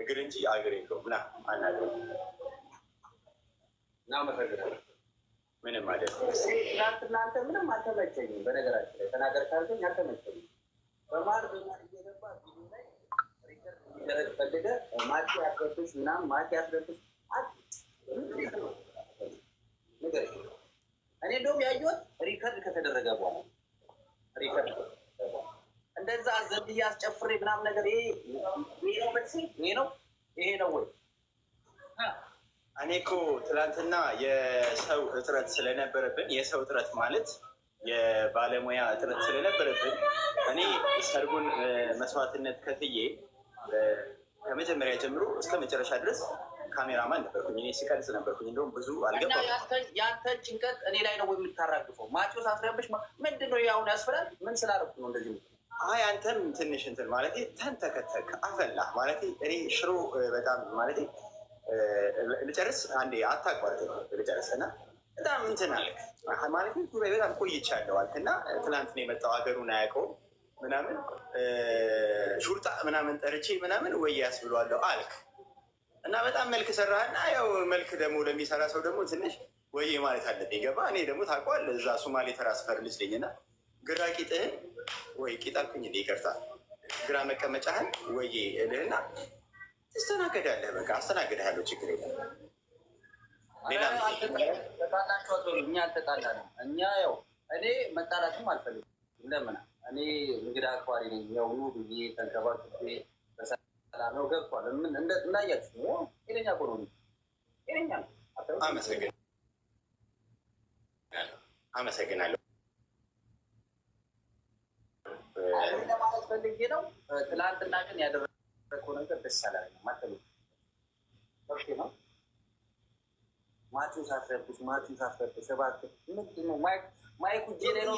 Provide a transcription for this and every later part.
እግር እንጂ አገር የለውም። ና አናገ እና መሰግናለሁ። ምንም ማለት እናንተ ምንም አልተመቸኝም። በነገራችን ላይ ተናገር ካልገኝ አልተመቸኝም። በማር በማር እየገባ ላይ ሪከርድ የሚደረግ ፈልገ ማቲ አስረቶች ምናምን ማቲ አስረቶች እኔ እንደውም ያየሁት ሪከርድ ከተደረገ በኋላ ሪከርድ እንደዛ ዘብ እያስጨፍሬ ምናምን ነገር ይሄ ነው መልስ ይሄ ነው ይሄ ነው ወይ? እኔ እኮ ትናንትና የሰው እጥረት ስለነበረብን የሰው እጥረት ማለት የባለሙያ እጥረት ስለነበረብን እኔ ሰርጉን መስዋዕትነት ከፍዬ ከመጀመሪያ ጀምሮ እስከ መጨረሻ ድረስ ካሜራማን ነበርኩኝ። እኔ ሲቀርጽ ነበርኩኝ። እንደውም ብዙ አልገባም። ያንተን ጭንቀት እኔ ላይ ነው የምታራግፈው። ማጭ አስረብሽ ምንድን ነው አሁን ያስፈላል? ምን ስላደረኩ ነው እንደዚህ አይ አንተም ትንሽ እንትን ማለት ተን ተከተክ አፈላ ማለት እኔ ሽሮ በጣም ማለት ልጨርስ አንዴ አታቋርጥ ልጨርስ እና በጣም እንትን አልክ ማለት ጉባኤ በጣም ቆይቻለሁ አልክ እና ትናንት ነው የመጣው ሀገሩን አያውቀውም ምናምን ሹርጣ ምናምን ጠርቼ ምናምን ወይ ያስብሏለሁ አልክ እና በጣም መልክ ሰራህና ያው መልክ ደግሞ ለሚሰራ ሰው ደግሞ ትንሽ ወይ ማለት አለብኝ ገባ እኔ ደግሞ ታውቀዋለህ እዛ ሶማሌ ተራስፈር ልጅ ነኝና ግራ ቂጥህን ወይ ቂጥ አልኩኝ እንደ ይቅርታ፣ ግራ መቀመጫህን ወይ እልህና ትስተናገዳለህ። በቃ አስተናግድሃለሁ፣ ችግር የለም። ሌላ ተጣላችሁ? እኛ አልተጣላንም። እኛ ያው እኔ መጣላትም አልፈልግም። ለምን እኔ እንግዳ አክባሪ ነኝ። ያው ኑ ብዬ ተንከባክቤ በሰላም ነው ገብቷል። ምን እንዳያችሁ ጤነኛ እኮ ነው ጤነኛ። አመሰግናለሁ፣ አመሰግናለሁ። ነው። ትላንትና ግን ያደረገው ነገር ደስ አላለኝም። ማተሉ ኦኬ ነው። ማቲን ሳትረብሽ፣ ማቲን ሳትረብሽ ሰባት ምንድን ነው ማይክ ማይክ እጄ ላይ ነው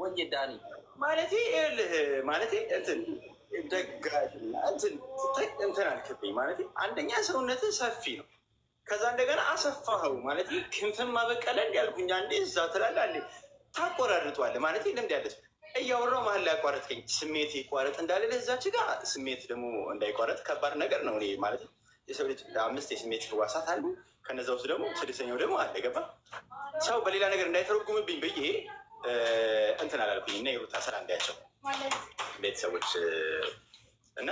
ወንጀ ዳኒ ማለት ይልህ ማለት እንትን ደጋ እንትን እንትን አልክብኝ ማለት አንደኛ ሰውነት ሰፊ ነው። ከዛ እንደገና አሰፋኸው ማለት ክንፍን ማበቀለ እንዲያልኩኝ አንዴ እዛ ትላለህ አንዴ ታቆራርጧለህ ማለት ልምድ ያለች እያወራው መሀል ላይ ያቋረጥከኝ ስሜት ይቋረጥ እንዳለ ለዛች ጋር ስሜት ደግሞ እንዳይቋረጥ ከባድ ነገር ነው። እኔ ማለት የሰው ልጅ አምስት የስሜት ህዋሳት አሉ። ከነዛ ውስጥ ደግሞ ስድስተኛው ደግሞ አለ ገባ ሰው በሌላ ነገር እንዳይተረጉምብኝ ብዬ እንትን አላልኩኝ እና የሩታ ስራ እንዳያቸው ቤተሰቦች እና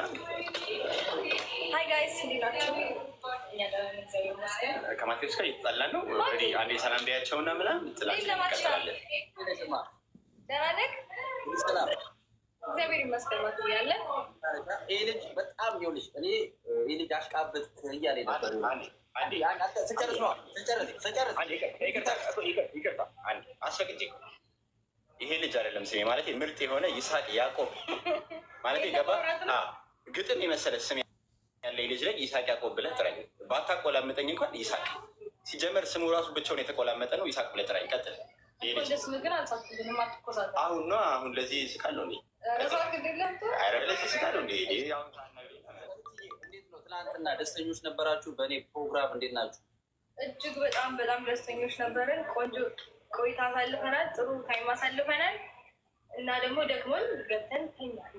ከማቴዎስ ጋር እየተጣላ ነው። አንዴ ሰላም እንዳያቸው እና ምናምን ጥላ እግዚአብሔር ይመስገን ይህ ልጅ በጣም ይኸውልሽ፣ እኔ ይህ ልጅ እያለ ነበር። ይሄ ልጅ አይደለም ስሜ ማለት ምርጥ የሆነ ይስሐቅ ያዕቆብ ማለት ገባ ግጥም የመሰለ ስሜ ያለ ልጅ ላይ ይስሐቅ ያዕቆብ ብለህ ጥራኝ። ባታቆላምጠኝ እንኳን ይስሐቅ ሲጀመር ስሙ ራሱ ብቻውን የተቆላመጠ ነው። ይስሐቅ ብለህ ጥራኝ። ቀጥል አሁን ነው አሁን ለዚህ ስቃለሁ ነው ትናንትና ደስተኞች ነበራችሁ? በእኔ ፕሮግራም እንዴት ናችሁ? እጅግ በጣም በጣም ደስተኞች ነበርን። ቆንጆ ቆይታ አሳልፈናል። ጥሩ ታይም አሳልፈናል እና ደግሞ ደግሞን ገብተን ተኛል።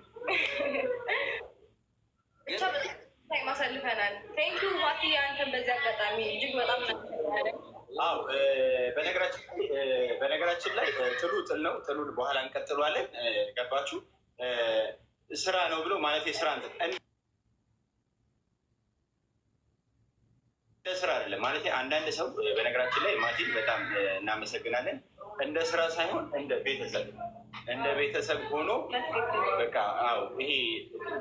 ብቻ በጣም ታይም አሳልፈናል። ታንኪዩ ማቲ፣ አንተን በዚህ አጋጣሚ እጅግ በጣም አዎ በነገራችን ላይ ትሉ ጥሉ ጥል ነው። ጥሉን በኋላ እንቀጥሏለን። ገባችሁ? ስራ ነው ብሎ ማለት የስራ እንደ ስራ አይደለም ማለት አንዳንድ ሰው በነገራችን ላይ ማቲን በጣም እናመሰግናለን። እንደ ስራ ሳይሆን እንደ ቤተሰብ እንደ ቤተሰብ ሆኖ በቃ አዎ፣ ይሄ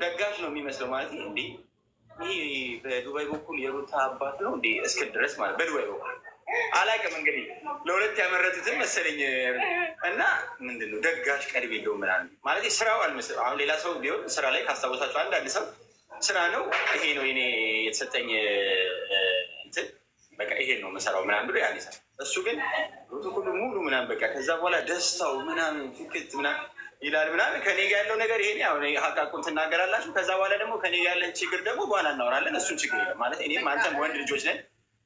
ደጋፊ ነው የሚመስለው ማለት እንዲህ ይህ በዱባይ በኩል የሩታ አባት ነው እንዲህ እስክል ድረስ ማለት በዱባይ በኩል አላውቅም እንግዲህ ለሁለት ያመረቱትን መሰለኝ እና ምንድን ነው ደጋሽ ቀድብ የለው ምናምን ማለት ስራው አልመስ አሁን ሌላ ሰው ቢሆን ስራ ላይ ካስታወሳቸው አንዳንድ ሰው ስራ ነው ይሄ ነው የእኔ የተሰጠኝ እንትን በቃ ይሄ ነው መሰራው ምናምን ብሎ ያን ይሰራል። እሱ ግን ፕሮቶኮሉ ሙሉ ምናምን በቃ ከዛ በኋላ ደስታው ምናምን ፍክት ምናምን ይላል ምናምን ከኔ ጋ ያለው ነገር ይሄ ሁ ሀቃቁን ትናገራላችሁ። ከዛ በኋላ ደግሞ ከኔ ጋ ያለን ችግር ደግሞ በኋላ እናወራለን። እሱን ችግር ማለት እኔም አንተም ወንድ ልጆች ነን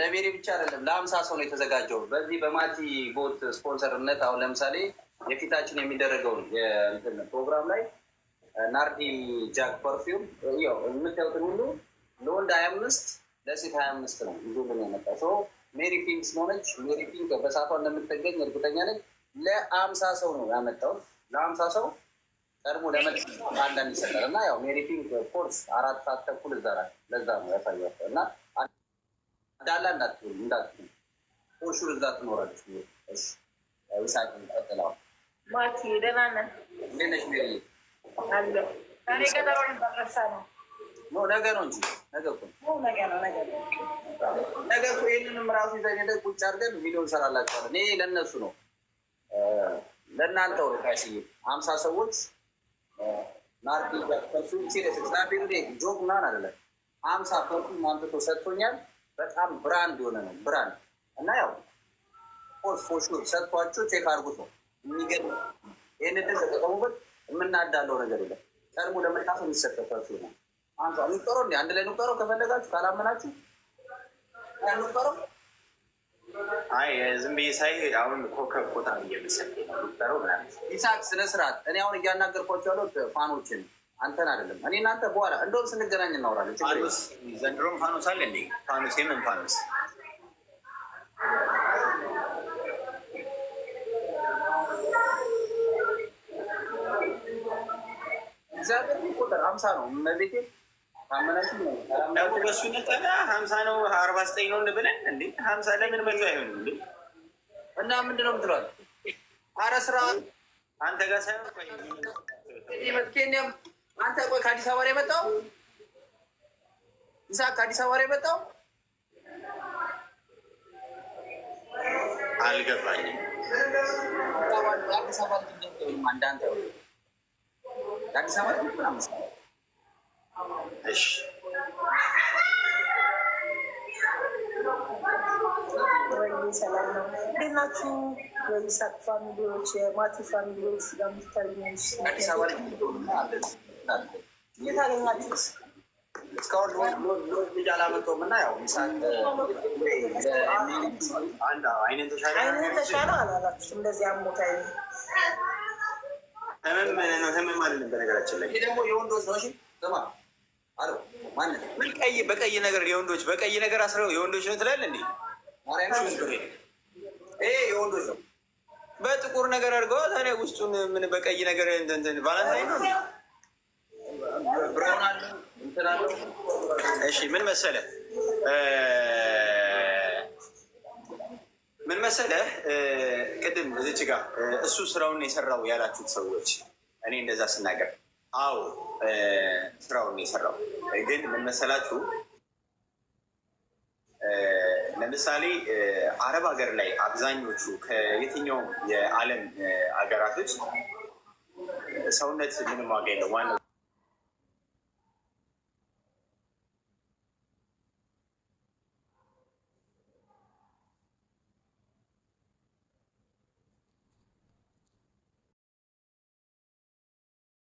ለቤሪ ብቻ አይደለም ለአምሳ ሰው ነው የተዘጋጀው። በዚህ በማቲ ቦት ስፖንሰርነት አሁን ለምሳሌ የፊታችን የሚደረገውን ፕሮግራም ላይ ናርዲ ጃክ ፐርፊውም የምታዩትን ሁሉ ለወንድ ሀያ አምስት ለሴት ሀያ አምስት ነው ይዞ የመጣ ሰው ሜሪ ፒንክ ስለሆነች ሜሪ ፒንክ በሳቷ እንደምትገኝ እርግጠኛ ነች። ለአምሳ ሰው ነው ያመጣው ለአምሳ ሰው ቀድሞ ለመልስ አንዳንድ ይሰጣል እና ያው ሜሪቲንግ ኮርስ አራት ሰዓት ተኩል እዛ ናት። ለዛ ነው ያሳያቸው እና እንዳለ እንዳት እንዳት ሹር እዛ ትኖራለች። ይሳቅ ቀጥላው ማቲ ደህና ነህ? እንዴት ነሽ ሜሪ? አለሁ። ዛሬ ቀጠሮ ነበር ረሳነው። ነው ነገ ነው እንጂ ነገ እኮ ነገ ነው ነገ ነገ እኮ ይህንንም ራሱ ይዘን ሄደን ቁጭ አድርገን ቪዲዮ እንሰራላቸዋለን። ይሄ ለእነሱ ነው ለእናንተው ቃሽዬ ሀምሳ ሰዎች አምሳ ሰጥቶኛል። በጣም ብራንድ የሆነ ነው ብራንድ እና ያው ኦፍ ፎሹር ሰጥቷቸው ቼክ አድርጉት ነው የሚገርም። ይህን ድል ተጠቀሙበት። የምናዳለው ነገር የለም። ቀድሞ ለመጣፍ የሚሰጠው ፐርሱ ነው። አንዱ እንቁጠረው እንዲ አንድ ላይ እንቁጠረው ከፈለጋችሁ ካላመናችሁ እንቁጠረው አይ ዝም ብዬ ሳይ አሁን ኮከብ ቦታ እየመሰለኝ ነው። ስነ ስርዓት። እኔ አሁን እያናገርኳቸው ያሉት ፋኖችን አንተን አይደለም። እኔ እናንተ በኋላ እንደውም ስንገናኝ እናወራለን። ፋኖስ ዘንድሮም ፋኖስ አለ እንዴ? ፋኖስ የምን ፋኖስ? እግዚአብሔር ቁጥር አምሳ ነው መቤቴ ደግሞ በሱ ነጠላ ሀምሳ ነው አርባ ዘጠኝ ነው ብለን እንዴ ሀምሳ ለምን መቶ አይሆንም እንዴ? እና ምንድን ነው የምትለዋል? አረ ስራ አንተ ጋር ሳይሆን አንተ ቆይ ከአዲስ አበባ ነው የመጣው ይዛ ከአዲስ አበባ ነው የመጣው አልገባኝም። አዲስ አበባ አዲስ አበባ እሺ ሰላም ነው። እንዴት ናችሁ? የይሳቅ ፋሚሊዎች፣ የማቲ ፋሚሊዎች ስለምታዩ እንዴት ተሻለ አይኔን ተሻለ አላላችሁም። ነው በነገራችን ላይ ይህ ምን ቀይ በቀይ ነገር የወንዶች በቀይ ነገር አስረው የወንዶች ነው ትላለህ እንዴ? ይሄ የወንዶች ነው። በጥቁር ነገር አድርገዋ ታዲያ ውስጡን ምን በቀይ ነገር እንትን ቫለንታይን ነው። እሺ ምን መሰለ ምን መሰለ ቅድም እዚች ጋር እሱ ስራውን የሰራው ያላችሁት ሰዎች እኔ እንደዛ ስናገር አዎ ስራውን የሰራው ግን ምን መሰላችሁ? ለምሳሌ አረብ ሀገር ላይ አብዛኞቹ ከየትኛውም የዓለም ሀገራቶች ሰውነት ምንም ዋጋ የለው ዋና